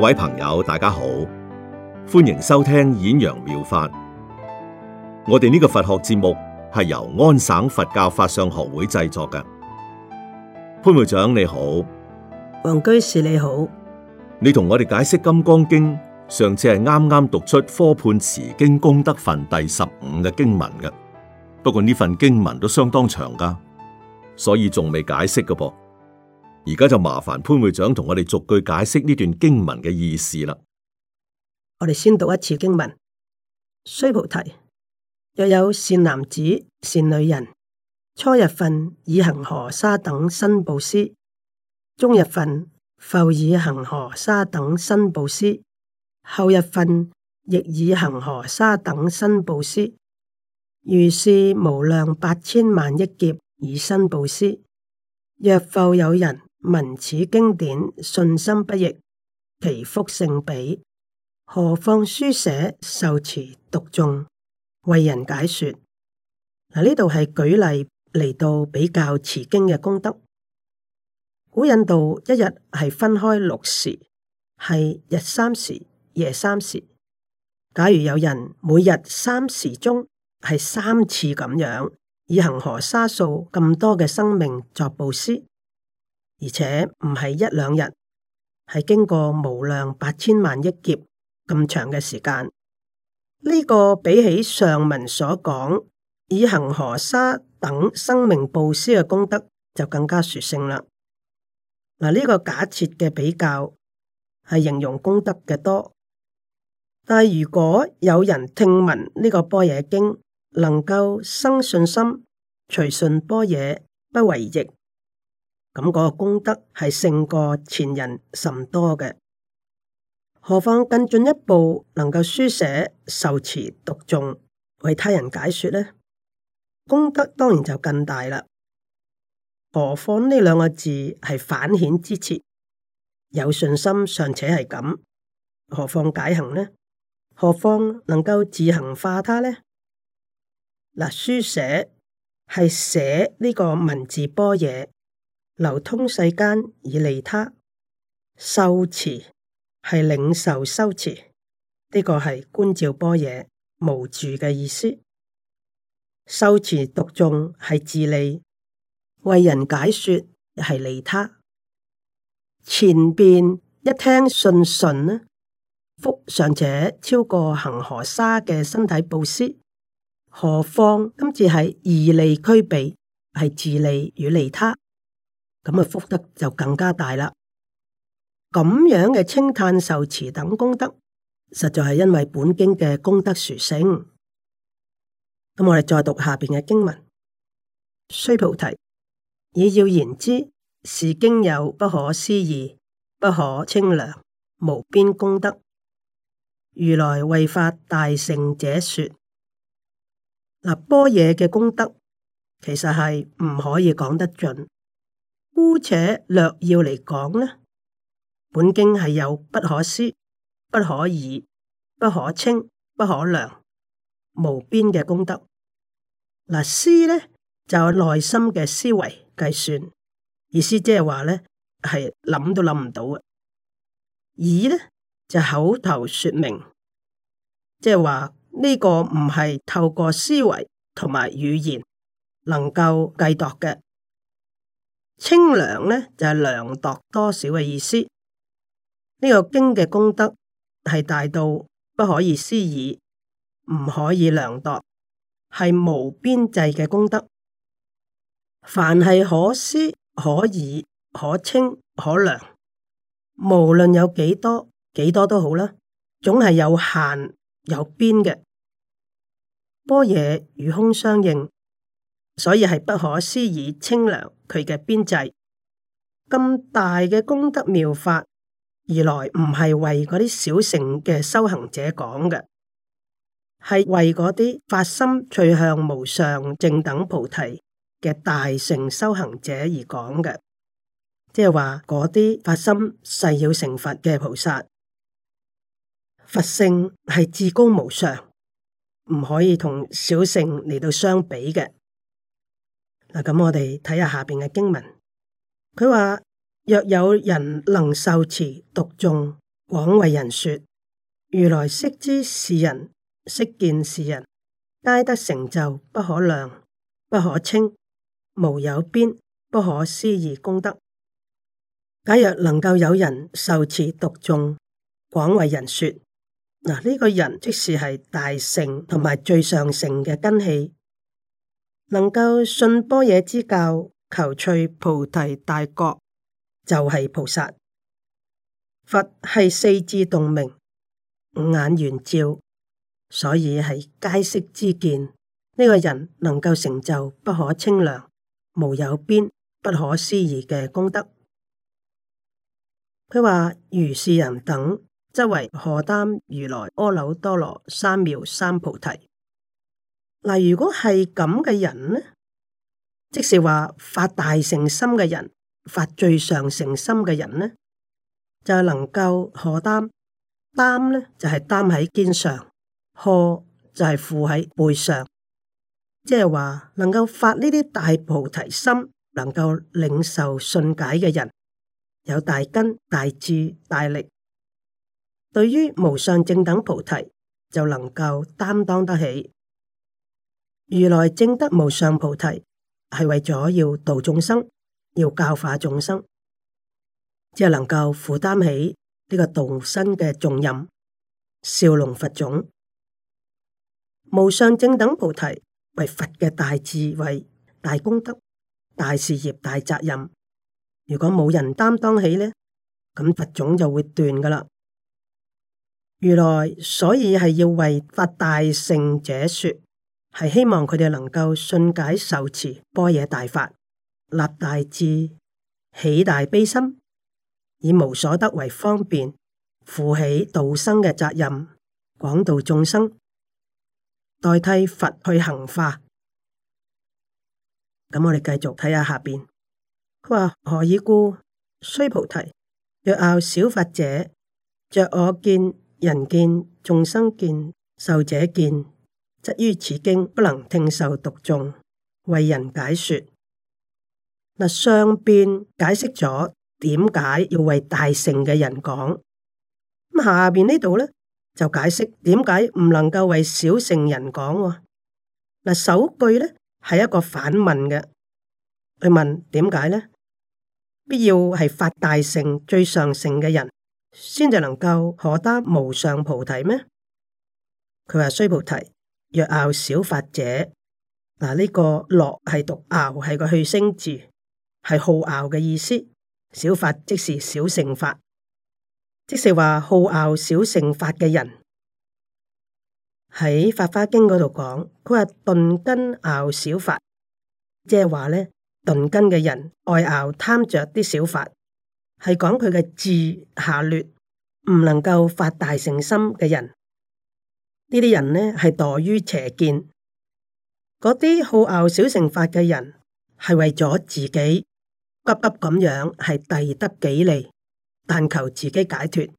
各位朋友，大家好，歡迎收聽演揚妙,妙法。我哋呢個佛學節目係由安省佛教法相學會製作嘅。潘會長你好，黃居士你好，你同我哋解釋《金剛經》，上次係啱啱讀出《科判持經功德分》第十五嘅經文嘅。不過呢份經文都相當長噶，所以仲未解釋嘅噃。而家就麻煩潘會長同我哋逐句解釋呢段經文嘅意思啦。我哋先讀一次經文：須菩提，若有善男子、善女人，初日份以恆河沙等身布施，中日份復以恆河沙等身布施，後日份亦以恆河沙等身布施，如是無量八千萬億劫以身布施，若復有人。聞此經典，信心不逆，其福勝彼。何況書寫、受持、讀誦、為人解說。嗱，呢度係舉例嚟到比較持經嘅功德。古印度一日係分開六時，係日三時、夜三時。假如有人每日三時中係三次咁樣，以恒河沙數咁多嘅生命作布施。而且唔係一兩日，係經過無量八千萬億劫咁長嘅時間。呢個比起上文所講以恒河沙等生命布施嘅功德，就更加殊勝啦。嗱，呢個假設嘅比較係形容功德嘅多。但係如果有人聽聞呢個般若經，能夠生信心，隨順般若，不為逆。咁嗰個功德係勝過前人甚多嘅，何況更進一步能夠書寫、受持、讀誦、為他人解說呢？功德當然就更大啦。何況呢兩個字係反顯之詞，有信心尚且係咁，何況解行呢？何況能夠自行化他呢？嗱，書寫係寫呢個文字般若。流通世間以利他，修持係領受修持呢個係觀照波耶無助嘅意思。修持讀眾係自利，為人解說亦係利他。前邊一聽信信呢，福上者超過恆河沙嘅身體布施，何況今次係以利俱備，係自利與利他。咁啊，福德就更加大啦！咁樣嘅稱歎受持等功德，實在係因為本經嘅功德殊勝。咁我哋再讀下邊嘅經文：須菩提，以要言之，是經有不可思議、不可稱量、無邊功德。如來為發大乘者說。般若嘅功德其實係唔可以講得盡。姑且略要嚟講呢，本經係有不可思、不可議、不可稱、不可量無邊嘅功德。嗱，思呢就係內心嘅思維計算，意思即係話呢係諗都諗唔到嘅。議呢就口頭說明，即係話呢個唔係透過思維同埋語言能夠計度嘅。清涼呢，就係、是、量度多少嘅意思。呢、這個經嘅功德係大到不可以思議，唔可以量度，係無邊際嘅功德。凡係可思、可以、可稱、可量，無論有幾多、幾多都好啦，總係有限有邊嘅。般若與空相應。所以係不可思議，清涼佢嘅邊際咁大嘅功德妙法，而嚟唔係為嗰啲小乘嘅修行者講嘅，係為嗰啲發心趣向無上正等菩提嘅大乘修行者而講嘅。即係話嗰啲發心誓要成佛嘅菩薩，佛性係至高無上，唔可以同小乘嚟到相比嘅。嗱，咁我哋睇下下邊嘅經文，佢話，若有人能受持讀誦，廣為人說，如來悉知是人，悉見是人，皆得成就不可量、不可稱、無有邊、不可思議功德。假若能夠有人受持讀誦，廣為人說，嗱、這、呢個人即使係大乘同埋最上乘嘅根器。能夠信般若之教，求取菩提大覺，就係、是、菩薩。佛係四智洞明，五眼圓照，所以係皆色之見呢，這個人能夠成就不可稱量，無有邊，不可思議嘅功德。佢話如是人等，則為荷擔如來、阿耨多羅三藐三菩提。嗱，如果係咁嘅人呢，即是話發大乘心嘅人，發最上乘心嘅人呢，就能夠荷擔，擔呢就係擔喺肩上，荷就係負喺背上，即係話能夠發呢啲大菩提心，能夠領受信解嘅人，有大根大智大力，對於無上正等菩提就能夠擔當得起。如來正德無上菩提，係為咗要度眾生，要教化眾生，即係能夠負擔起呢個度生嘅重任。少龍佛種，無上正等菩提為佛嘅大智慧、大功德、大事業、大責任。如果冇人擔當起呢，咁佛種就會斷噶喇。如來所以係要為發大乘者說。係希望佢哋能夠信解受持般若大法，立大志，起大悲心，以無所得為方便，負起度生嘅責任，廣度眾生，代替佛去行化。咁我哋繼續睇下下邊，佢話何以故？須菩提，若樂小法者，着我見、人見、眾生見、壽者見。則於此經不能聽受讀誦，為人解說。嗱，上邊解釋咗點解要為大乘嘅人講，咁下邊呢度咧就解釋點解唔能夠為小乘人講。嗱，首句咧係一個反問嘅，佢問點解咧？必要係發大乘最上乘嘅人先至能夠可得無上菩提咩？佢話須菩提。若傲小法者，嗱、這、呢個樂係讀傲，係個去聲字，係好傲嘅意思。小法即是小乘法，即是話好傲小乘法嘅人。喺《法花經》嗰度講，佢話鈍根傲小法，即係話咧鈍根嘅人愛傲貪着啲小法，係講佢嘅智下劣，唔能夠發大乘心嘅人。呢啲人呢係墮於邪見，嗰啲好拗小乘法嘅人係為咗自己急急咁樣，係遞得幾利，但求自己解脫。呢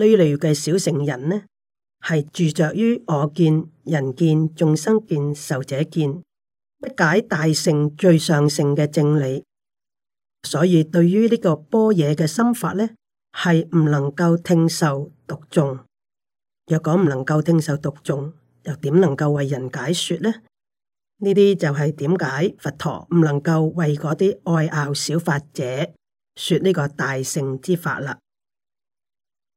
類嘅小乘人呢係住着於我見、人見、眾生見、受者見，不解大乘最上乘嘅正理，所以對於呢個般若嘅心法呢係唔能夠聽受讀誦。若果唔能夠聽受讀誦，又點能夠為人解說呢？呢啲就係點解佛陀唔能夠為嗰啲愛拗小法者說呢個大乘之法啦？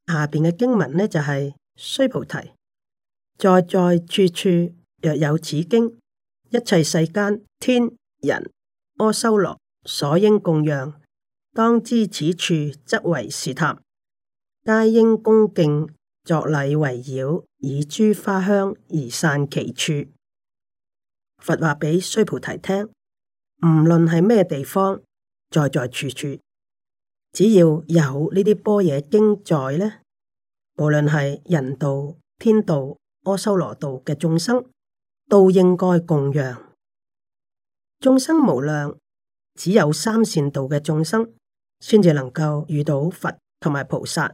下邊嘅經文呢就係、是、須菩提，在在處處，若有此經，一切世間天人阿修羅所應供養，當知此處則為是塔，皆應恭敬。作禮圍繞，以諸花香而散其處。佛話畀須菩提聽：無論係咩地方，在在處處，只要有呢啲般若經在咧，無論係人道、天道、阿修羅道嘅眾生，都應該供養。眾生無量，只有三善道嘅眾生，先至能夠遇到佛同埋菩薩。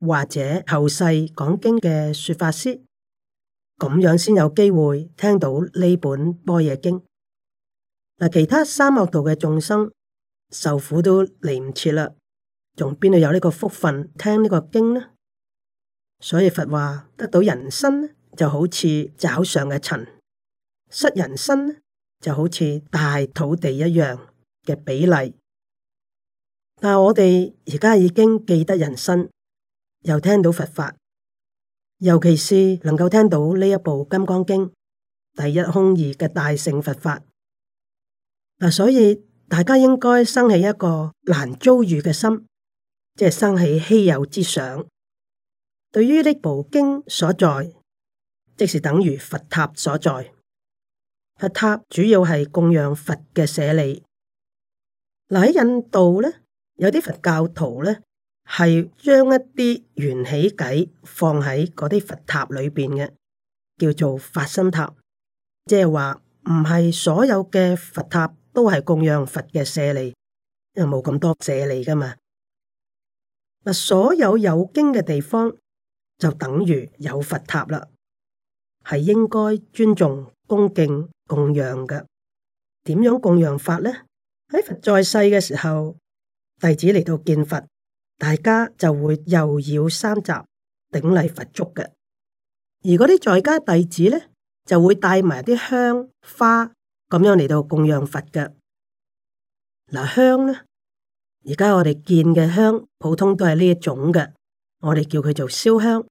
或者後世講經嘅說法師，咁樣先有機會聽到呢本般若經。嗱，其他三惡道嘅眾生受苦都嚟唔切啦，仲邊度有呢個福分聽呢個經呢？所以佛話得到人身就好似爪上嘅塵，失人身就好似大土地一樣嘅比例。但係我哋而家已經記得人身，又聽到佛法，尤其是能夠聽到呢一部《金剛經》第一空二嘅大乘佛法，嗱、啊，所以大家應該生起一個難遭遇嘅心，即係生起稀有之想。對於呢部經所在，即是等於佛塔所在。佛塔主要係供養佛嘅舍利。嗱，喺印度咧，有啲佛教徒咧，係將一啲緣起偈放喺嗰啲佛塔裏邊嘅，叫做法身塔。即係話唔係所有嘅佛塔都係供養佛嘅舍利，因為冇咁多舍利噶嘛。嗱，所有有經嘅地方就等於有佛塔啦，係應該尊重恭敬供養嘅。點樣供養法咧？喺佛在世嘅時候，弟子嚟到見佛。大家就會又繞三匝頂禮佛足嘅。而嗰啲在家弟子呢，就會帶埋啲香花咁樣嚟到供養佛嘅。嗱，香呢，而家我哋見嘅香，普通都係呢一種嘅。我哋叫佢做燒香。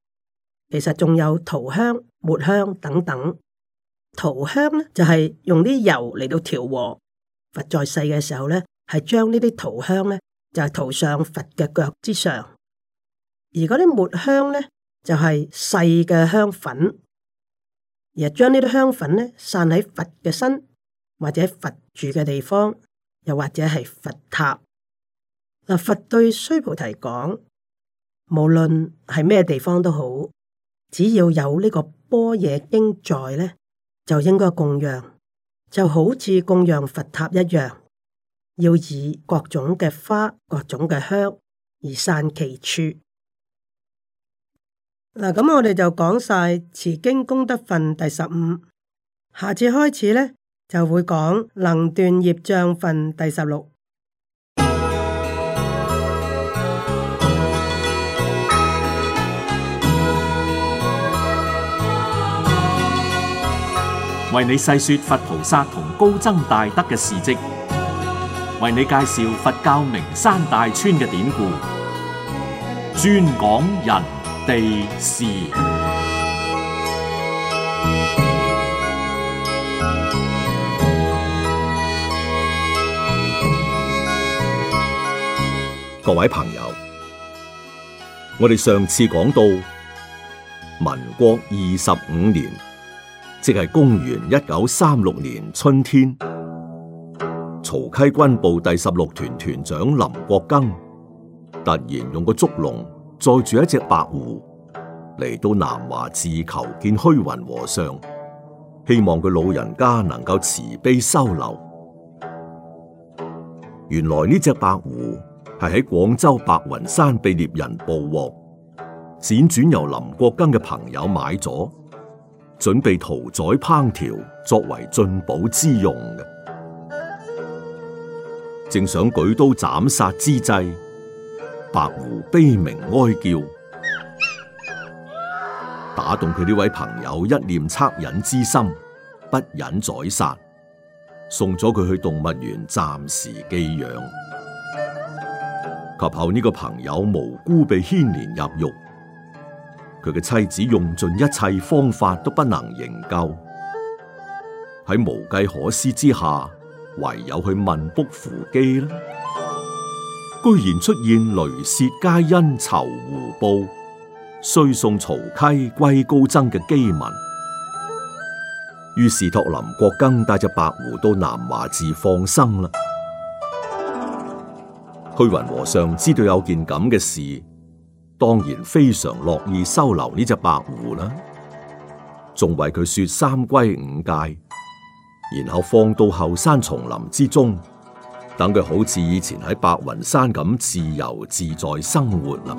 其實仲有塗香、末香等等。塗香咧，就係、是、用啲油嚟到調和。佛在世嘅時候呢，係將呢啲塗香呢。就係塗上佛嘅腳之上，而嗰啲末香咧，就係細嘅香粉，而將呢啲香粉咧，散喺佛嘅身，或者佛住嘅地方，又或者係佛塔。嗱，佛對須菩提講，無論係咩地方都好，只要有呢個般若經在咧，就應該供養，就好似供養佛塔一樣。要以各種嘅花、各種嘅香而散其處。嗱，咁我哋就講晒《持經功德分》第十五，下次開始呢，就會講《能斷業障分》第十六。為你細說佛菩薩同高僧大德嘅事跡。為你介紹佛教名山大川嘅典故，專講人地事。各位朋友，我哋上次講到民國二十五年，即係公元一九三六年春天。曹溪軍部第十六團團長林國庚突然用個竹籠載住一隻白狐嚟到南華寺求見虛雲和尚，希望佢老人家能夠慈悲收留。原來呢隻白狐係喺廣州白雲山被獵人捕獲，輾轉由林國庚嘅朋友買咗，準備屠宰烹調作為進補之用嘅。正想舉刀斬殺之際，白狐悲鳴哀叫，打動佢呢位朋友一念惻隱之心，不忍宰殺，送咗佢去動物園暫時寄養。及後呢個朋友無辜被牽連入獄，佢嘅妻子用盡一切方法都不能營救，喺無計可施之下，唯有去問卜扶乩啦，居然出現雷泄皆因仇胡報，雖送曹溪歸高僧嘅機文，於是託林國庚帶隻白狐到南華寺放生啦。虛雲和尚知道有件咁嘅事，當然非常樂意收留呢隻白狐啦，仲為佢說三歸五戒」。然後放到後山叢林之中，等佢好似以前喺白雲山咁自由自在生活啦。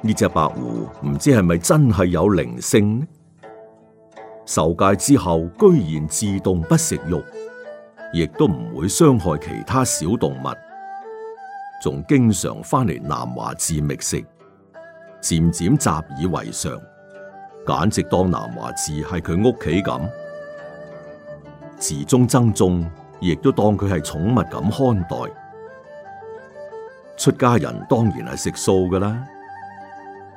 呢隻白狐唔知係咪真係有靈性呢？受戒之後，居然自動不食肉，亦都唔會傷害其他小動物，仲經常翻嚟南華寺覓食，漸漸習以為常。簡直當南華寺係佢屋企咁，寺中僧眾，亦都當佢係寵物咁看待。出家人當然係食素㗎啦，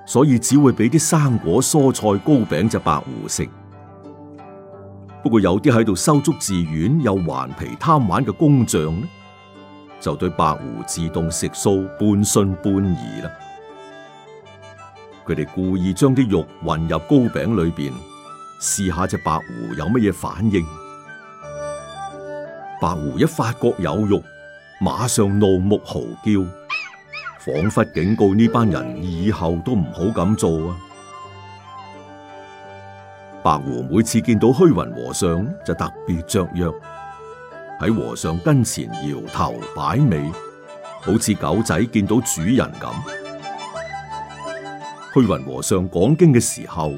所以只會俾啲生果、蔬菜、糕餅就白狐食。不過有啲喺度收足寺院又頑皮貪玩嘅工匠呢，就對白狐自動食素半信半疑啦。佢哋故意將啲肉混入糕餅裏邊，試下隻白狐有乜嘢反應。白狐一發覺有肉，馬上怒目嚎叫，仿佛警告呢班人以後都唔好咁做啊！白狐每次見到虛雲和尚，就特別雀躍，喺和尚跟前搖頭擺尾，好似狗仔見到主人咁。虛雲和尚講經嘅時候，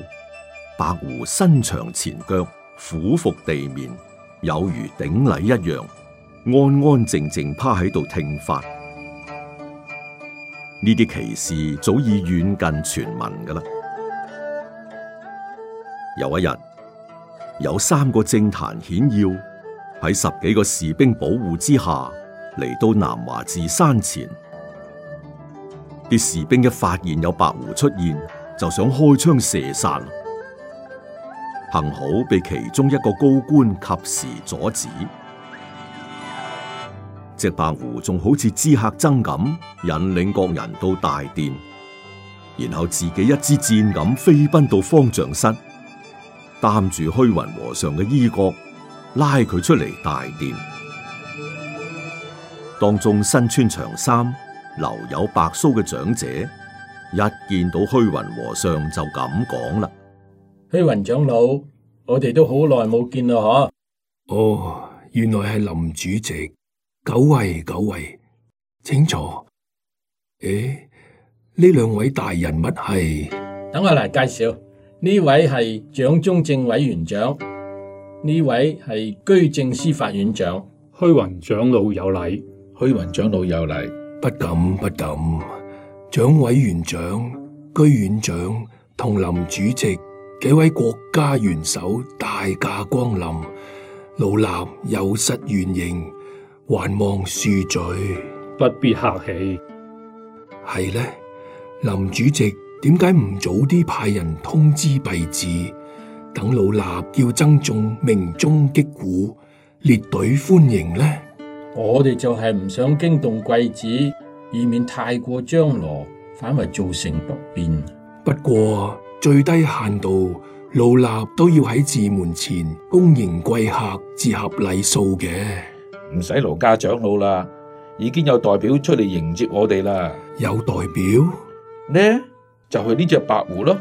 白狐伸長前腳，俯伏地面，有如頂禮一樣，安安靜靜趴喺度聽法。呢啲奇事早已遠近傳聞噶啦。有一日，有三個政壇顯要喺十幾個士兵保護之下，嚟到南華寺山前。啲士兵一發現有白狐出現，就想開槍射殺，幸好被其中一個高官及時阻止。隻白狐仲好似知客僧咁，引領各人到大殿，然後自己一支箭咁飛奔到方丈室，擔住虛雲和尚嘅衣角，拉佢出嚟大殿，當中身穿長衫、留有白鬚嘅長者一見到虛雲和尚就咁講啦。虛雲長老，我哋都好耐冇見啦，嗬？哦，原來係林主席，久違久違，請坐。誒，呢兩位大人物係？等我嚟介紹，呢位係蔣中正委員長，呢位係居正司法院長。虛雲長老有禮，虛雲長老有禮。不敢不敢，蔣委員長、居院長同林主席幾位國家元首大駕光臨，老衲有失遠迎，還望恕罪。不必客氣。係咧，林主席點解唔早啲派人通知敝寺，等老衲要僧眾鳴鐘擊鼓列隊歡迎咧？我哋就係唔想驚動貴子，以免太過張羅，反為造成不便。不過最低限度，老衲都要喺寺門前恭迎貴客，至合禮數嘅。唔使勞駕長老啦，已經有代表出嚟迎接我哋啦。有代表呢，就係呢隻白狐咯，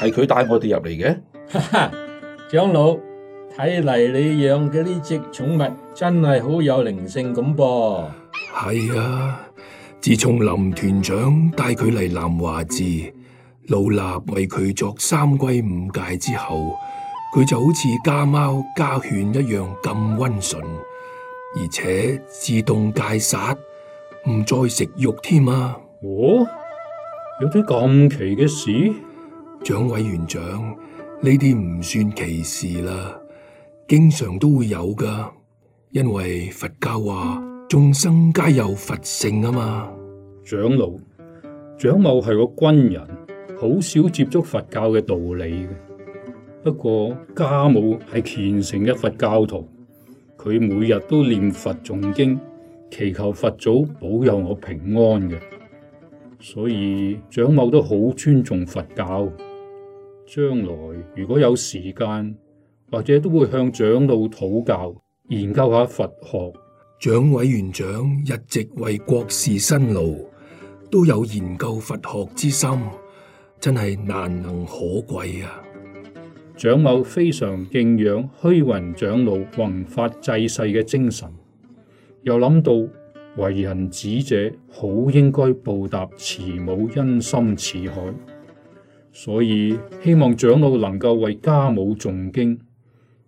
係佢帶我哋入嚟嘅。哈哈，長老。睇嚟你養嘅呢隻寵物真係好有靈性咁噃。係啊，自從林團長帶佢嚟南華寺，老衲為佢作三歸五戒之後，佢就好似家貓家犬一樣咁溫順，而且自動戒殺，唔再食肉添啊！哦？有啲咁奇嘅事？蔣委員長，呢啲唔算奇事啦。經常都會有噶，因為佛教話眾生皆有佛性啊嘛。長老，蔣某係個軍人，好少接觸佛教嘅道理嘅。不過家母係虔誠嘅佛教徒，佢每日都念佛誦經，祈求佛祖保佑我平安嘅。所以蔣某都好尊重佛教。將來如果有時間。或者都會向長老討教，研究下佛學。蔣委員長一直為國事辛勞，都有研究佛學之心，真係難能可貴啊！蔣某非常敬仰虛雲長老弘法濟世嘅精神，又諗到為人子者好應該報答慈母恩深似海，所以希望長老能夠為家母誦經。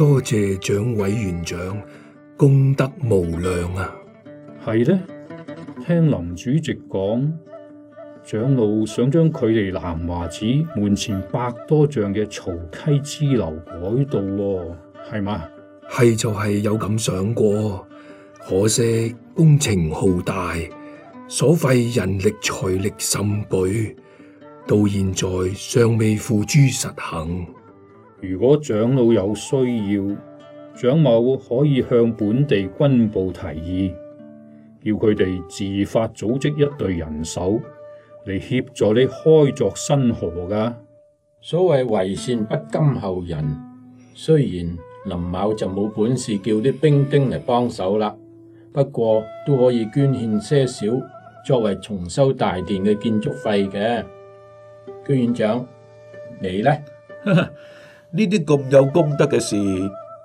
多謝蔣委員長，功德無量啊！係呢？聽林主席講，長老想將距離南華寺門前百多丈嘅曹溪支流改道啊，係嘛？係就係有咁想過，可惜工程浩大，所費人力財力甚巨，到現在尚未付諸實行。如果長老有需要，長老可以向本地軍部提議，叫佢哋自發組織一隊人手嚟協助你開鑿新河噶。所謂為善不甘後人，雖然林某就冇本事叫啲兵丁嚟幫手啦，不過都可以捐獻些少作為重修大殿嘅建築費嘅。居院長，你呢？ 呢啲咁有功德嘅事，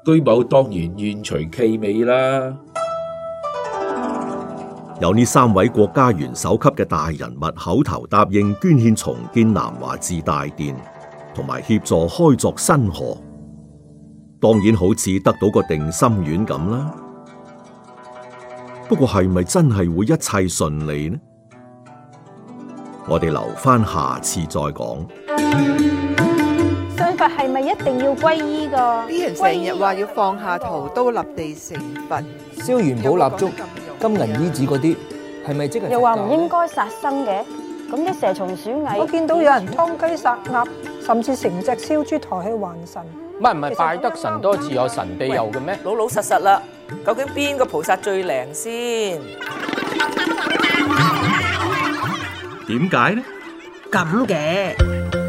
居某當然願隨其美啦。有呢三位國家元首級嘅大人物口頭答應捐獻重建南華寺大殿，同埋協助開鑿新河，當然好似得到個定心丸咁啦。不過係咪真係會一切順利呢？我哋留翻下次再講。係咪一定要皈依噶？啲人成日話要放下屠刀立地成佛，燒元寶蠟燭、金銀衣紙嗰啲，係咪即係？又話唔應該殺生嘅，咁啲蛇蟲鼠蟻，我見到有人劏雞殺鴨，甚至成隻燒豬抬去還神。唔係唔係，拜得神多自有神庇佑嘅咩？老老實實啦，究竟邊個菩薩最靈先？點解呢？咁嘅。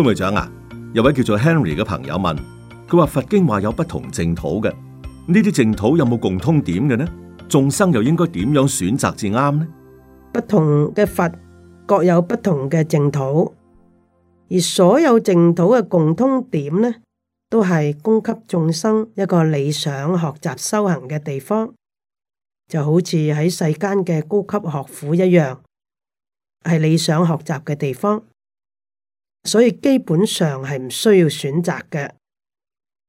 潘會長啊，有位叫做 Henry 嘅朋友問佢話：佛經話有不同淨土嘅，呢啲淨土有冇共通點嘅呢？眾生又應該點樣選擇至啱呢？不同嘅佛各有不同嘅淨土，而所有淨土嘅共通點呢，都係供給眾生一個理想學習修行嘅地方，就好似喺世間嘅高級學府一樣，係理想學習嘅地方。所以基本上係唔需要選擇嘅。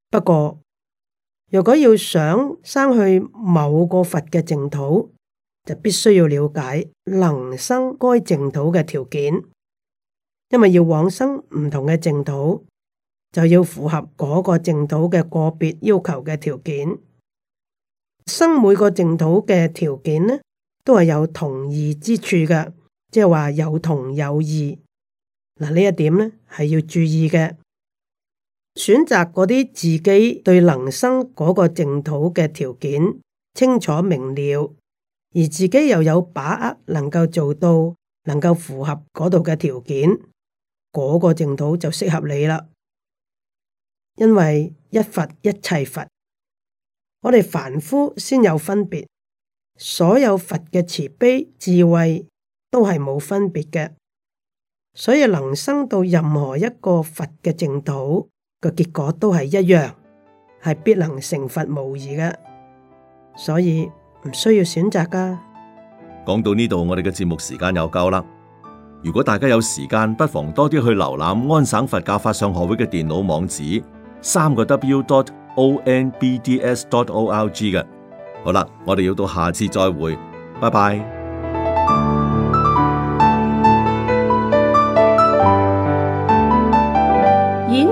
不過，如果要想生去某個佛嘅淨土，就必須要了解能生該淨土嘅條件。因為要往生唔同嘅淨土，就要符合嗰個淨土嘅個別要求嘅條件。生每個淨土嘅條件呢，都係有同異之處嘅，即係話有同有異。嗱，呢一點咧係要注意嘅。選擇嗰啲自己對能生嗰個淨土嘅條件清楚明瞭，而自己又有把握能夠做到，能夠符合嗰度嘅條件，嗰個淨土就適合你啦。因為一佛一切佛，我哋凡夫先有分別，所有佛嘅慈悲智慧都係冇分別嘅。所以能生到任何一個佛嘅淨土嘅結果都係一樣，係必能成佛無疑嘅。所以唔需要選擇噶。講到呢度，我哋嘅節目時間又夠啦。如果大家有時間，不妨多啲去瀏覽安省佛教法相學會嘅電腦網址，三個 W dot O N B D S dot O R G 嘅。好啦，我哋要到下次再會，拜拜。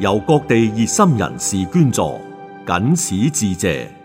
由各地熱心人士捐助，謹此致謝。